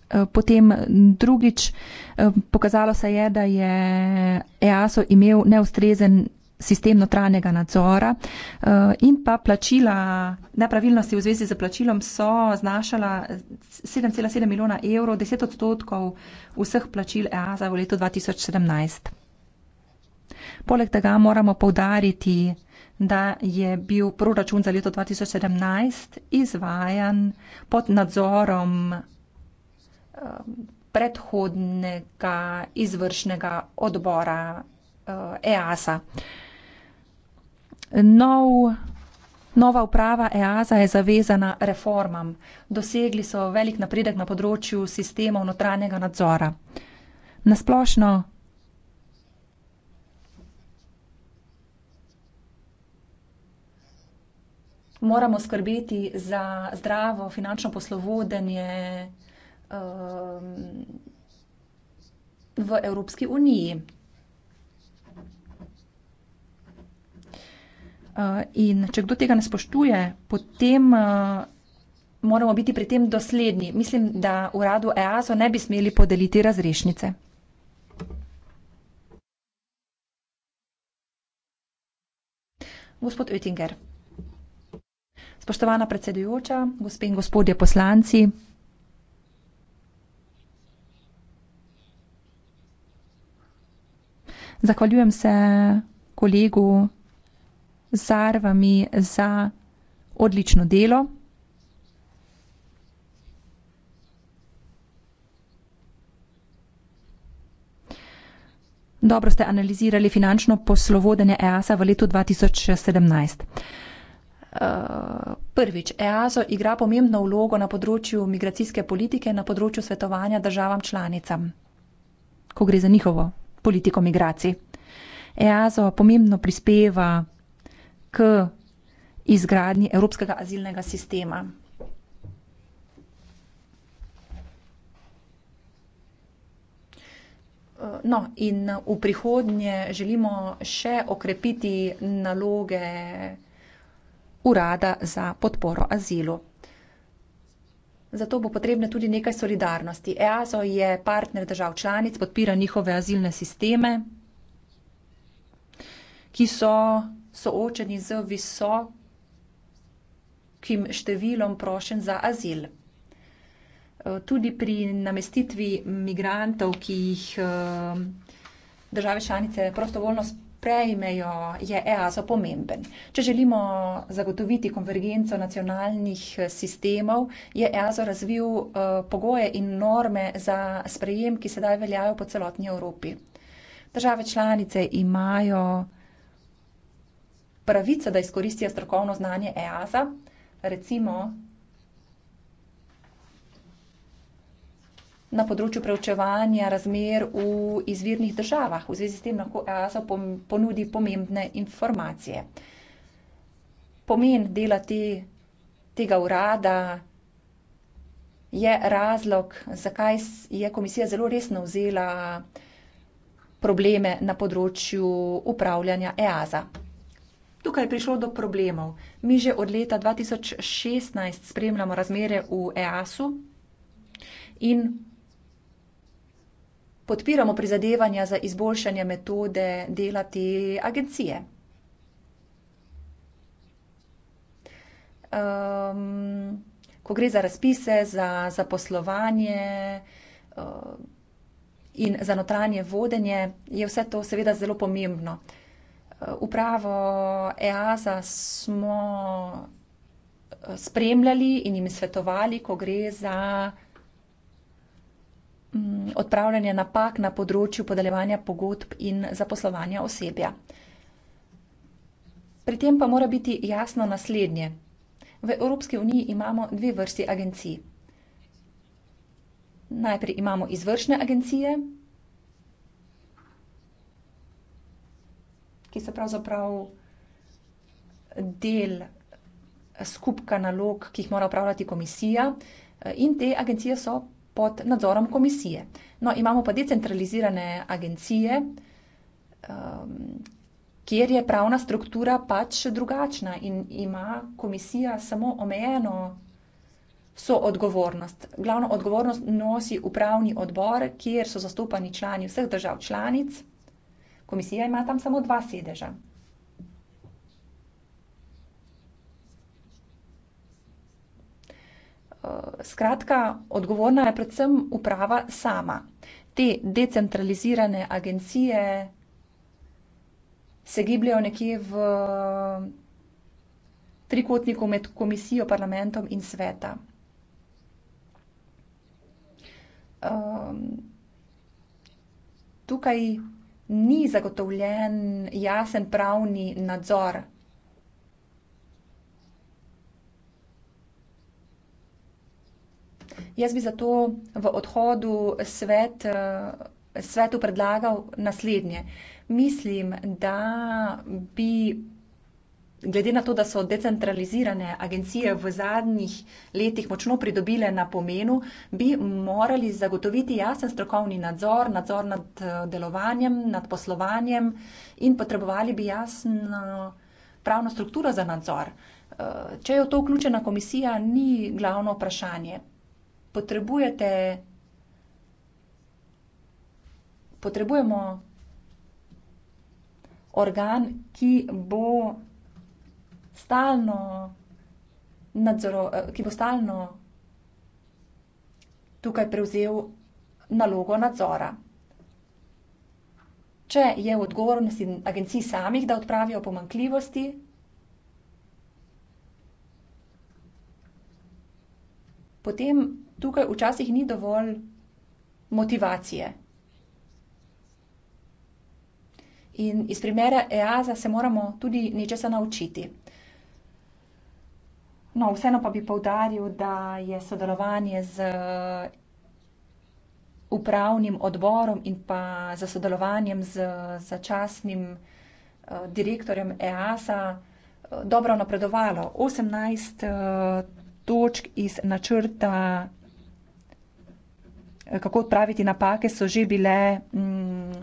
Eh, potem eh, drugič, eh, pokazalo se je, da je EASO imel neustrezen sistem notranjega nadzora in pa plačila, nepravilnosti v zvezi z plačilom so znašala 7,7 milijona evrov, 10 odstotkov vseh plačil EASA v letu 2017. Poleg tega moramo povdariti, da je bil proračun za leto 2017 izvajan pod nadzorom Um, predhodnega izvršnega odbora uh, EASA. Nov, nova uprava EASA je zavezana reformam. Dosegli so velik napredek na področju sistemov notranjega nadzora. Na splošno moramo skrbeti za zdravo finančno poslovodenje um, v Evropski uniji. Uh, in če kdo tega ne spoštuje, potem uh, moramo biti pri tem dosledni. Mislim, da uradu EASO ne bi smeli podeliti razrešnice. Gospod Oettinger, spoštovana predsedujoča, gospe in gospodje poslanci. Zahvaljujem se kolegu Zarvami za odlično delo. Dobro ste analizirali finančno poslovodenje EASA v letu 2017. Eh, prvič, EASO igra pomembno vlogo na področju migracijske politike, na področju svetovanja državam članicam, ko gre za njihovo politiko migracij. EASO pomembno prispeva k izgradnji evropskega azilnega sistema. No, in v prihodnje želimo še okrepiti naloge urada za podporo azilu. Zato bo potrebne tudi nekaj solidarnosti. EASO je partner držav članic, podpira njihove azilne sisteme, ki so soočeni z visokim številom prošen za azil. Tudi pri namestitvi migrantov, ki jih eh, države članice prostovoljno spremljajo, sprejmejo, je EASO pomemben. Če želimo zagotoviti konvergenco nacionalnih eh, sistemov, je EASO razvil eh, pogoje in norme za sprejem, ki sedaj veljajo po celotni Evropi. Države članice imajo pravico, da izkoristijo strokovno znanje EASA, recimo na področju preučevanja razmer v izvirnih državah. V zvezi s tem lahko EASA ponudi pomembne informacije. Pomen dela te, tega urada je razlog, zakaj je komisija zelo resno vzela probleme na področju upravljanja EASA. Tukaj je prišlo do problemov. Mi že od leta 2016 spremljamo razmere v EASU in podpiramo prizadevanja za izboljšanje metode dela te agencije. Um, ko gre za razpise, za zaposlovanje uh, in za notranje vodenje, je vse to seveda zelo pomembno. Eh, upravo EASA smo eh, spremljali in jim svetovali, ko gre za Mm, odpravljanje napak na področju podeljevanja pogodb in zaposlovanja osebja. Pri tem pa mora biti jasno naslednje. V Evropski uniji imamo dve vrsti agencij. Najprej imamo izvršne agencije, ki so pravzaprav del skupka nalog, ki jih mora upravljati komisija, eh, in te agencije so pod nadzorom komisije. No, imamo pa decentralizirane agencije, um, kjer je pravna struktura pač drugačna in ima komisija samo omejeno soodgovornost. Glavno odgovornost nosi upravni odbor, kjer so zastopani člani vseh držav članic. Komisija ima tam samo dva sedeža. skratka, odgovorna je predvsem uprava sama. Te decentralizirane agencije se gibljajo nekje v trikotniku med komisijo, parlamentom in sveta. Um, tukaj ni zagotovljen jasen pravni nadzor Jaz bi zato v odhodu svet, eh, svetu predlagal naslednje. Mislim, da bi glede na to, da so decentralizirane agencije v zadnjih letih močno pridobile na pomenu, bi morali zagotoviti jasen strokovni nadzor, nadzor nad eh, delovanjem, nad poslovanjem in potrebovali bi jasno pravno strukturo za nadzor. Eh, če je v to vključena komisija, ni glavno vprašanje potrebujete, potrebujemo organ, ki bo stalno nadzoro, eh, ki bo stalno tukaj prevzel nalogo nadzora. Če je v odgovornosti agencij samih, da odpravijo pomankljivosti, potem tukaj včasih ni dovolj motivacije. In iz primera EASA se moramo tudi nečesa naučiti. No, vseeno pa bi povdaril, da je sodelovanje z upravnim odborom in pa za sodelovanjem z začasnim eh, direktorjem EASA eh, dobro napredovalo. 18 eh, točk iz načrta Eh, kako odpraviti napake, so že bile mm, eh,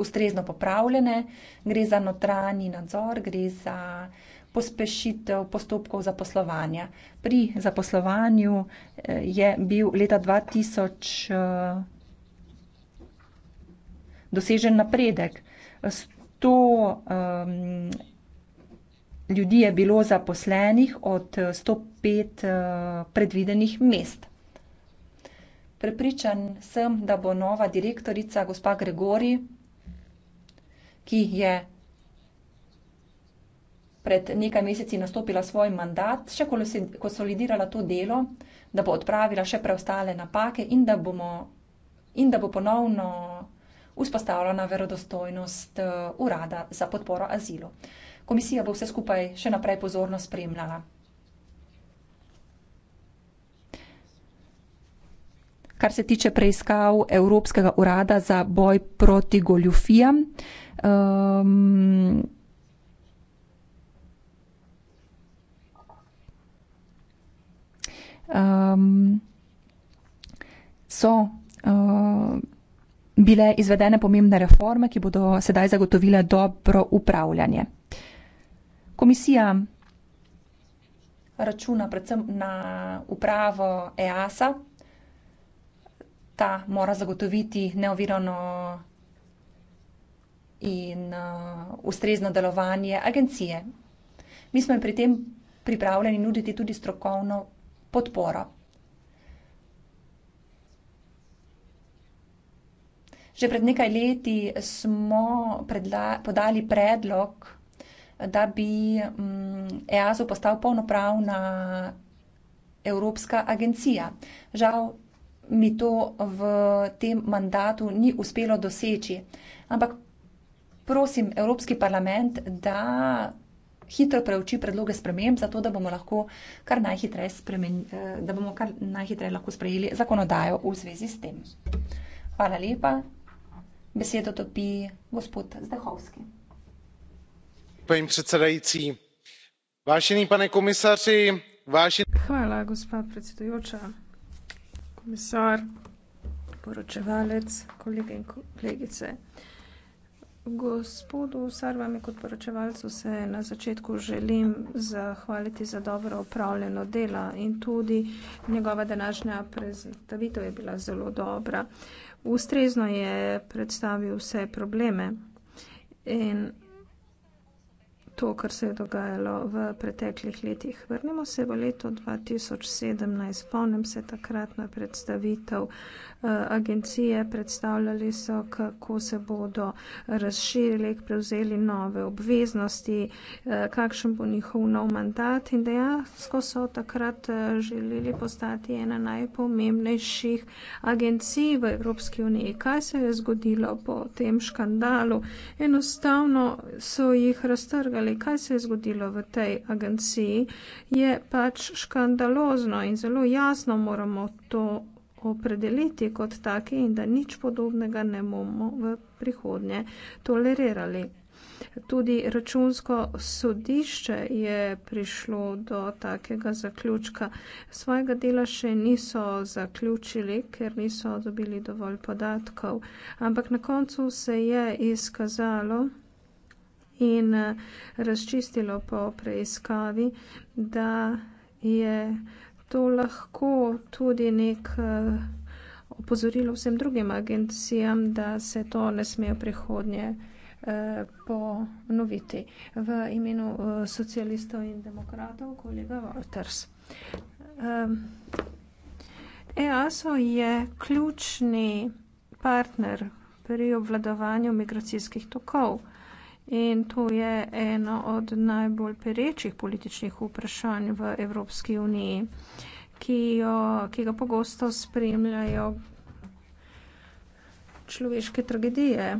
ustrezno popravljene. Gre za notranji nadzor, gre za pospešitev postopkov zaposlovanja. Pri zaposlovanju eh, je bil leta 2000 dosežen napredek. 100 um, ljudi je bilo zaposlenih od 105 uh, predvidenih mest. Prepričan sem, da bo nova direktorica, gospa Gregori, ki je pred nekaj meseci nastopila svoj mandat, še konsolidirala to delo, da bo odpravila še preostale napake in da, bomo, in da bo ponovno vzpostavljena verodostojnost eh, urada za podporo azilu. Komisija bo vse skupaj še naprej pozorno spremljala. kar se tiče preiskav Evropskega urada za boj proti goljufijam. Um, um, so uh, bile izvedene pomembne reforme, ki bodo sedaj zagotovile dobro upravljanje. Komisija računa predvsem na upravo EASA, ta mora zagotoviti neovirano in uh, ustrezno delovanje agencije. Mi smo jim pri tem pripravljeni nuditi tudi strokovno podporo. Že pred nekaj leti smo predla, podali predlog, da bi um, mm, EASO postal polnopravna evropska agencija. Žal mi to v tem mandatu ni uspelo doseči. Ampak prosim Evropski parlament, da hitro preuči predloge sprememb, zato da bomo lahko kar najhitreje eh, najhitre lahko sprejeli zakonodajo v zvezi s tem. Hvala lepa. Besedo topi gospod Zdehovski.
Pojem predsedajci. Vašeni pane komisarji, vašeni. Hvala, gospa predsedujoča komisar, poročevalec, kolege in kolegice. Gospodu Sarvami kot poročevalcu se na začetku želim zahvaliti za dobro opravljeno dela in tudi njegova današnja predstavitev je bila zelo dobra. Ustrezno je predstavil vse probleme in to, kar se je dogajalo v preteklih letih. Vrnimo se v leto 2017, spomnim se takrat na predstavitev eh, agencije, predstavljali so, kako se bodo razširili, prevzeli nove obveznosti, eh, kakšen bo njihov nov mandat in dejansko so takrat eh, želeli postati ena najpomembnejših agencij v Evropski uniji. Kaj se je zgodilo po tem škandalu? Enostavno so jih raztrgali ali kaj se je zgodilo v tej agenciji, je pač škandalozno in zelo jasno moramo to opredeliti kot taki in da nič podobnega ne bomo v prihodnje tolerirali. Tudi računsko sodišče je prišlo do takega zaključka. Svojega dela še niso zaključili, ker niso dobili dovolj podatkov, ampak na koncu se je izkazalo, in eh, razčistilo po preiskavi, da je to lahko tudi nek eh, opozorilo vsem drugim agencijam, da se to ne smejo prihodnje eh, ponoviti. V imenu socialistov in demokratov, kolega Walters. EASO ehm, e je ključni partner pri obvladovanju migracijskih tokov. In to je eno od najbolj perečih političnih vprašanj v Evropski uniji, ki, jo, ki ga pogosto spremljajo človeške tragedije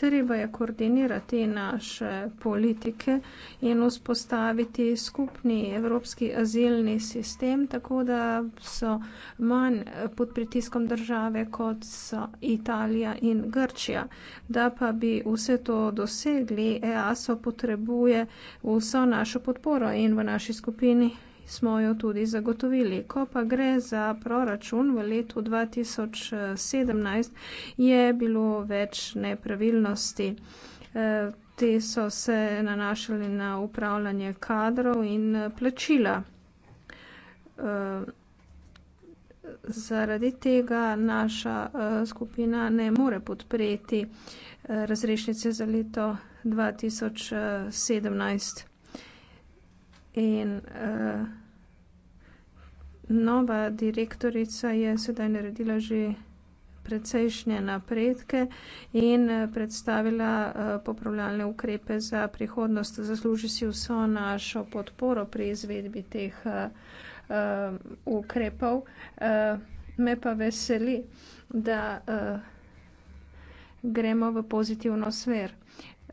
treba je koordinirati naše politike in vzpostaviti skupni evropski azilni sistem, tako da so manj pod pritiskom države, kot so Italija in Grčija. Da pa bi vse to dosegli, EASO potrebuje vso našo podporo in v naši skupini smo jo tudi zagotovili. Ko pa gre za proračun v letu 2017, je bilo več nepravilnosti. Eh, te so se nanašali na upravljanje kadrov in eh, plačila. Eh, zaradi tega naša skupina ne more podpreti razrešnice za leto 2017. In, uh nova direktorica je sedaj naredila že precejšnje napredke in eh, predstavila eh, popravljalne ukrepe za prihodnost. Zasluži si vso našo podporo pri izvedbi teh eh, ukrepov. Me pa veseli, da gremo v pozitivno sfer.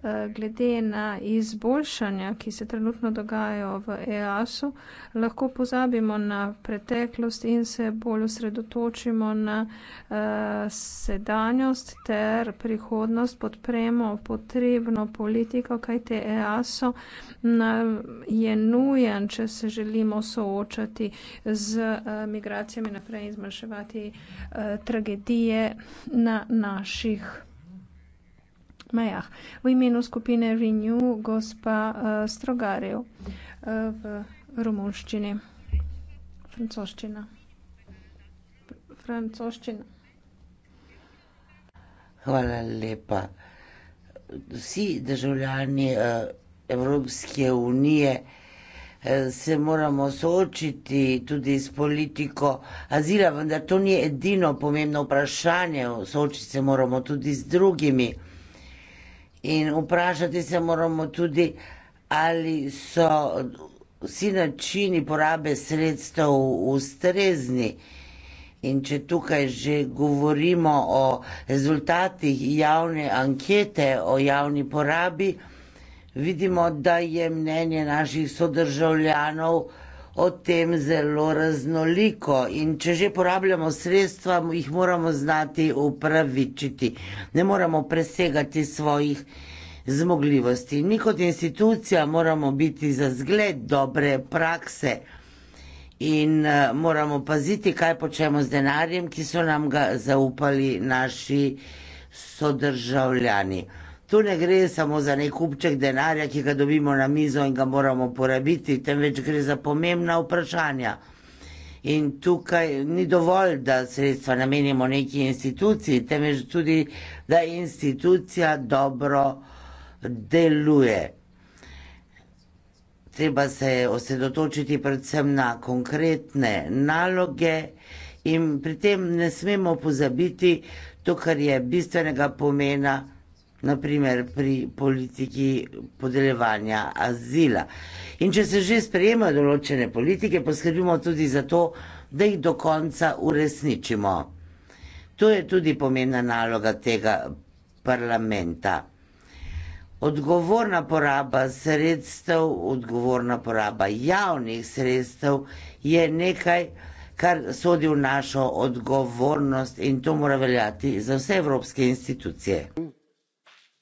Eh, glede na izboljšanja, ki se trenutno dogajajo v EAS-u, lahko pozabimo na preteklost in se bolj osredotočimo na eh, sedanjost ter prihodnost, podpremo potrebno politiko, kajte EAS-o je nujen, če se želimo soočati z eh, migracijami naprej in zmanjševati tragedije na naših. Črtmejah. V imenu skupine Renew gospa uh, eh, Strogarev uh, eh, v romunščini. Francoščina. Francoščina.
Hvala lepa. Vsi državljani uh, Evropske unije se moramo soočiti tudi s politiko azila, vendar to ni edino pomembno vprašanje. Soočiti se moramo tudi z drugimi. In vprašati se moramo tudi, ali so vsi načini porabe sredstev ustrezni. In če tukaj že govorimo o rezultatih javne ankete o javni porabi, vidimo, da je mnenje naših sodržavljanov o tem zelo raznoliko in če že porabljamo sredstva, jih moramo znati upravičiti. Ne moramo presegati svojih zmogljivosti. Mi kot institucija moramo biti za zgled dobre prakse in eh, moramo paziti, kaj počnemo z denarjem, ki so nam ga zaupali naši sodržavljani. Tu ne gre samo za nek kupček denarja, ki ga dobimo na mizo in ga moramo porabiti, temveč gre za pomembna vprašanja. In tukaj ni dovolj, da sredstva namenimo neki instituciji, temveč tudi, da institucija dobro deluje. Treba se osredotočiti predvsem na konkretne naloge in pri tem ne smemo pozabiti to, kar je bistvenega pomena naprimer pri politiki podeljevanja azila. In če se že sprejemajo določene politike, poskrbimo tudi za to, da jih do konca uresničimo. To je tudi pomena naloga tega parlamenta. Odgovorna poraba sredstev, odgovorna poraba javnih sredstev je nekaj, kar sodi v našo odgovornost in to mora veljati za vse evropske institucije.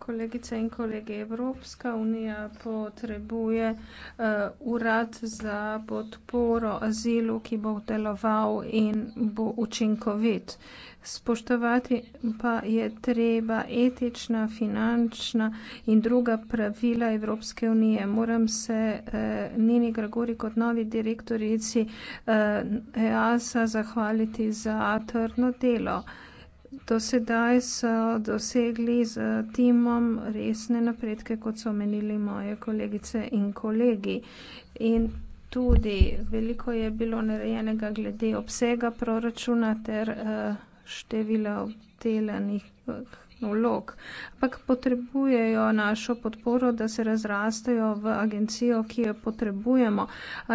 Kolegice in
kolege, Evropska unija potrebuje uh, urad za podporo azilu, ki bo deloval in bo učinkovit. Spoštovati pa je treba etična, finančna in druga pravila Evropske unije. Moram se uh, Nini Gregori kot novi direktorici uh, eh, EASA zahvaliti za trdno delo. Uh, Do sedaj so dosegli z timom resne napredke, kot so omenili moje kolegice in kolegi. In tudi veliko je bilo narejenega glede obsega proračuna ter eh, števila obdelanih vlog. Ampak potrebujejo našo podporo, da se razrastejo v agencijo, ki jo potrebujemo.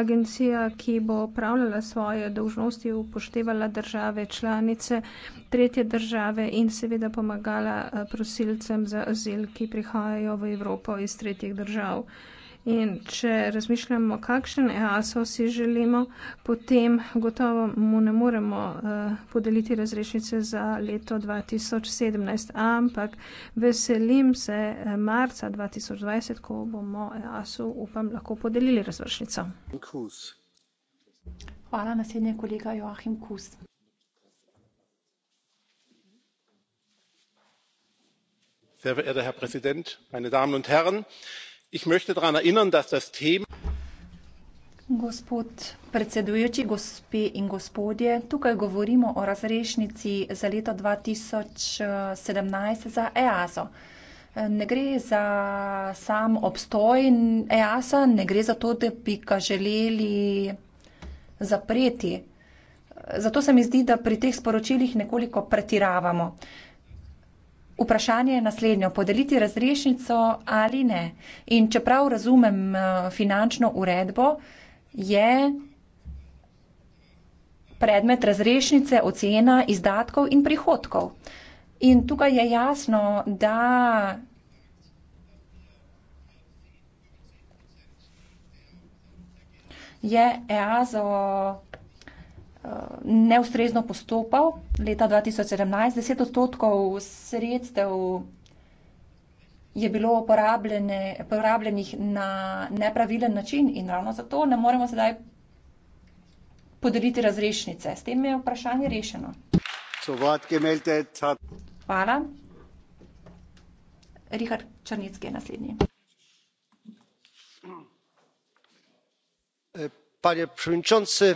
Agencija, ki bo upravljala svoje dolžnosti, upoštevala države članice, tretje države in seveda pomagala eh, prosilcem za azil, ki prihajajo v Evropo iz tretjih držav. In če razmišljamo, kakšen EASO si želimo, potem gotovo mu ne moremo uh, podeliti razrešnice za leto 2017, ampak veselim se eh, marca 2020, ko bomo EASO, upam, lahko podelili razrešnico.
Hvala, naslednji kolega Joachim Kus. Sehr verehrter Herr Präsident, meine Damen und Herren, ich möchte daran erinnern dass das thema Gospod predsedujoči, gospe in gospodje, tukaj govorimo o razrešnici za leto 2017 za EASO. Ne gre za sam obstoj EASA, ne gre za to, da bi ga želeli zapreti. Zato se mi zdi, da pri teh sporočilih nekoliko pretiravamo. Vprašanje je naslednjo, podeliti razrešnico ali ne. In čeprav razumem eh, finančno uredbo, je predmet razrešnice ocena izdatkov in prihodkov. In tukaj je jasno, da je EASO neustrezno postopal leta 2017. 10 odstotkov sredstev je bilo porabljenih na nepravilen način in ravno zato ne moremo sedaj podeliti razrešnice. S tem je vprašanje rešeno. Hvala. Richard Črnicki je naslednji.
Panie przewodniczący,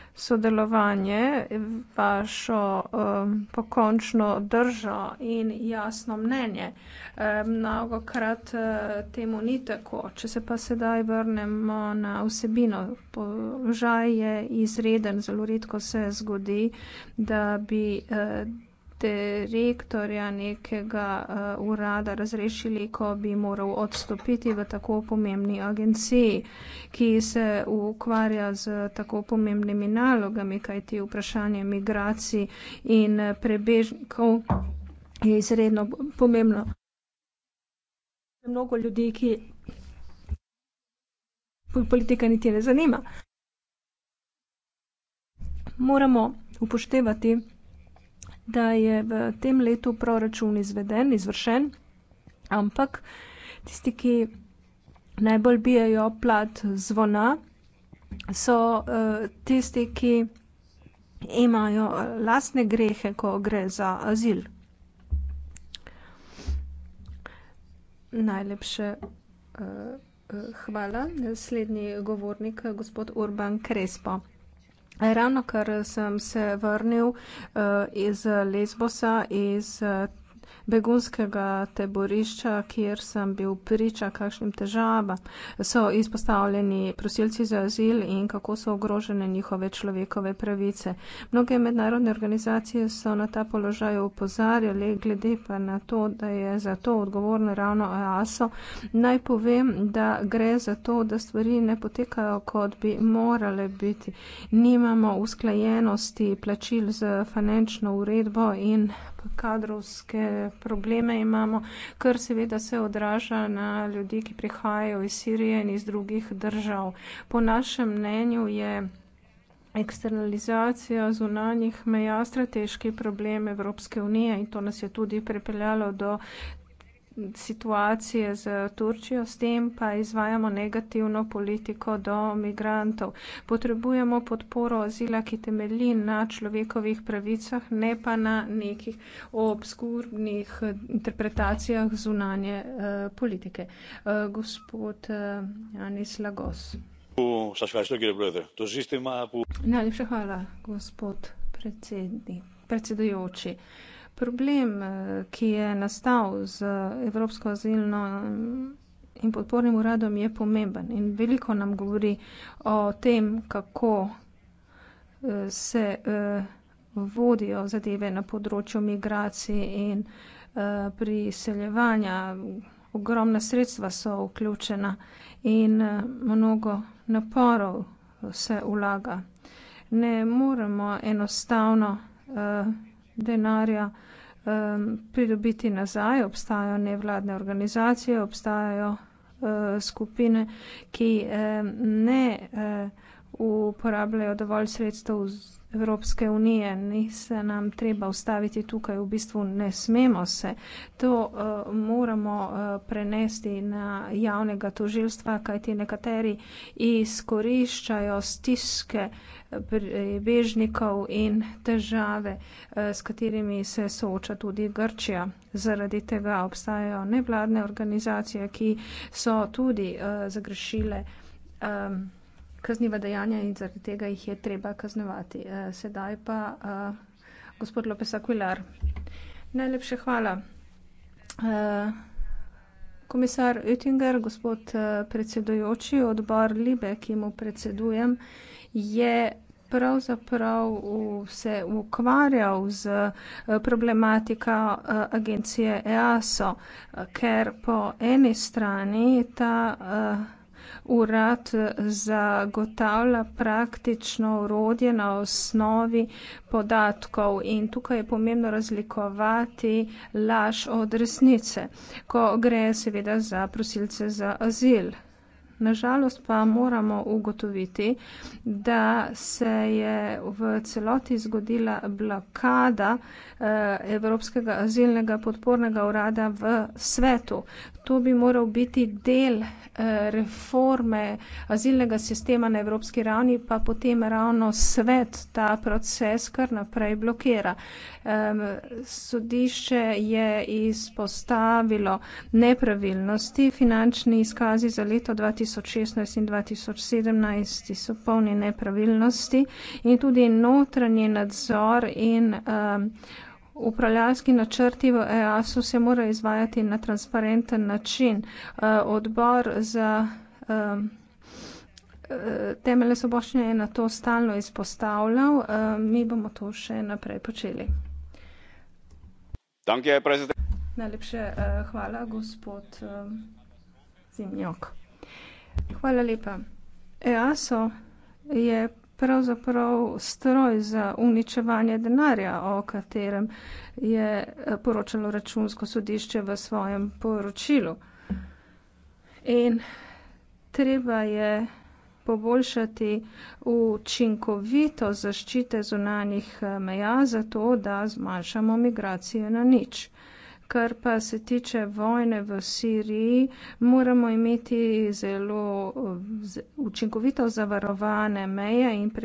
sodelovanje, vašo um, pokončno držo in jasno mnenje. E, um, mnogo krat uh, temu ni tako. Če se pa sedaj vrnemo na vsebino, položaj je izreden, zelo redko se zgodi, da bi. Uh, direktorja nekega uh, urada razrešili, ko bi moral odstopiti v tako pomembni agenciji, ki se ukvarja z tako pomembnimi nalogami, kajti vprašanje migracij in prebežnikov je izredno pomembno. Mnogo ljudi, ki politika niti ne zanima. Moramo upoštevati, da je v tem letu proračun izveden, izvršen, ampak tisti, ki najbolj bijajo plat zvona, so uh, tisti, ki imajo eh, lastne grehe, ko gre za azil. Najlepše uh, hvala. Naslednji govornik, gospod Urban Krespo. Ravno kar sem se vrnil uh, iz Lesbosa, iz uh, begunskega taborišča, kjer sem bil priča kakšnim težavam, so izpostavljeni prosilci za azil in kako so ogrožene njihove človekove pravice. Mnoge mednarodne organizacije so na ta položaj upozarjali, glede pa na to, da je za to odgovorno ravno EASO. Naj povem, da gre za to, da stvari ne potekajo, kot bi morale biti. Nimamo usklajenosti plačil z finančno uredbo in kadrovske probleme imamo, kar seveda se odraža na ljudi, ki prihajajo iz Sirije in iz drugih držav. Po našem mnenju je eksternalizacija zunanjih meja strateški problem Evropske unije in to nas je tudi prepeljalo do situacije z Turčijo, s tem pa izvajamo negativno politiko do migrantov. Potrebujemo podporo azila, ki temelji na človekovih pravicah, ne pa na nekih obskurnih interpretacijah zunanje uh, politike. Uh, gospod uh, Janis Lagos. Najlepša hvala, gospod predsednik, predsedujoči problem, eh, ki je nastal z Evropsko azilno in podpornim uradom, je pomemben in veliko nam govori o tem, kako eh, se eh, vodijo zadeve na področju migracij in priseljevanja. Ogromna sredstva so vključena in mnogo naporov se ulaga. Ne moremo enostavno uh, denarja um, pridobiti nazaj. Obstajajo nevladne organizacije, obstajajo uh, skupine, ki um, ne uh, uporabljajo dovolj sredstev. Z, Evropske unije, ni se nam treba ustaviti tukaj, v bistvu ne smemo se. To uh, moramo uh, prenesti na javnega tožilstva, kajti nekateri izkoriščajo stiske bežnikov in težave, uh, s katerimi se sooča tudi Grčija. Zaradi tega obstajajo nevladne organizacije, ki so tudi uh, zagrešile. Um, kazniva dejanja in zaradi tega jih je treba kaznovati. Eh, sedaj pa eh, gospod Lopes Aquilar. Najlepše hvala. Eh, komisar Oettinger, gospod predsedujoči, odbor Libe, ki mu predsedujem, je pravzaprav se ukvarjal z problematika agencije EASO, ker po eni strani ta Urad eh, zagotavlja praktično urodje na osnovi podatkov in tukaj je pomembno razlikovati laž od resnice, ko gre seveda za prosilce za azil. Na žalost pa moramo ugotoviti, da se je v celoti zgodila blokada eh, Evropskega azilnega podpornega urada v svetu. To bi moral biti del eh, reforme azilnega sistema na evropski ravni, pa potem ravno svet ta proces kar naprej blokira. Sodišče je izpostavilo nepravilnosti finančni izkazi za leto 2000. 2016 in 2017 so polni nepravilnosti in tudi notranji nadzor in uh, Upravljalski načrti v EASU se morajo izvajati na transparenten način. Uh, odbor za um, uh, temele soboščine je na to stalno izpostavljal. Um, mi bomo to še naprej počeli. Najlepše uh, hvala, gospod um, Zimjok. Hvala lepa. EASO je pravzaprav stroj za uničevanje denarja, o katerem je eh, poročalo računsko sodišče v svojem poročilu. In treba je poboljšati učinkovito zaščite zunanjih eh, meja, zato da zmanjšamo migracije na nič. Kar pa se tiče vojne v Siriji, moramo imeti zelo učinkovito zavarovane meje in prepričanje,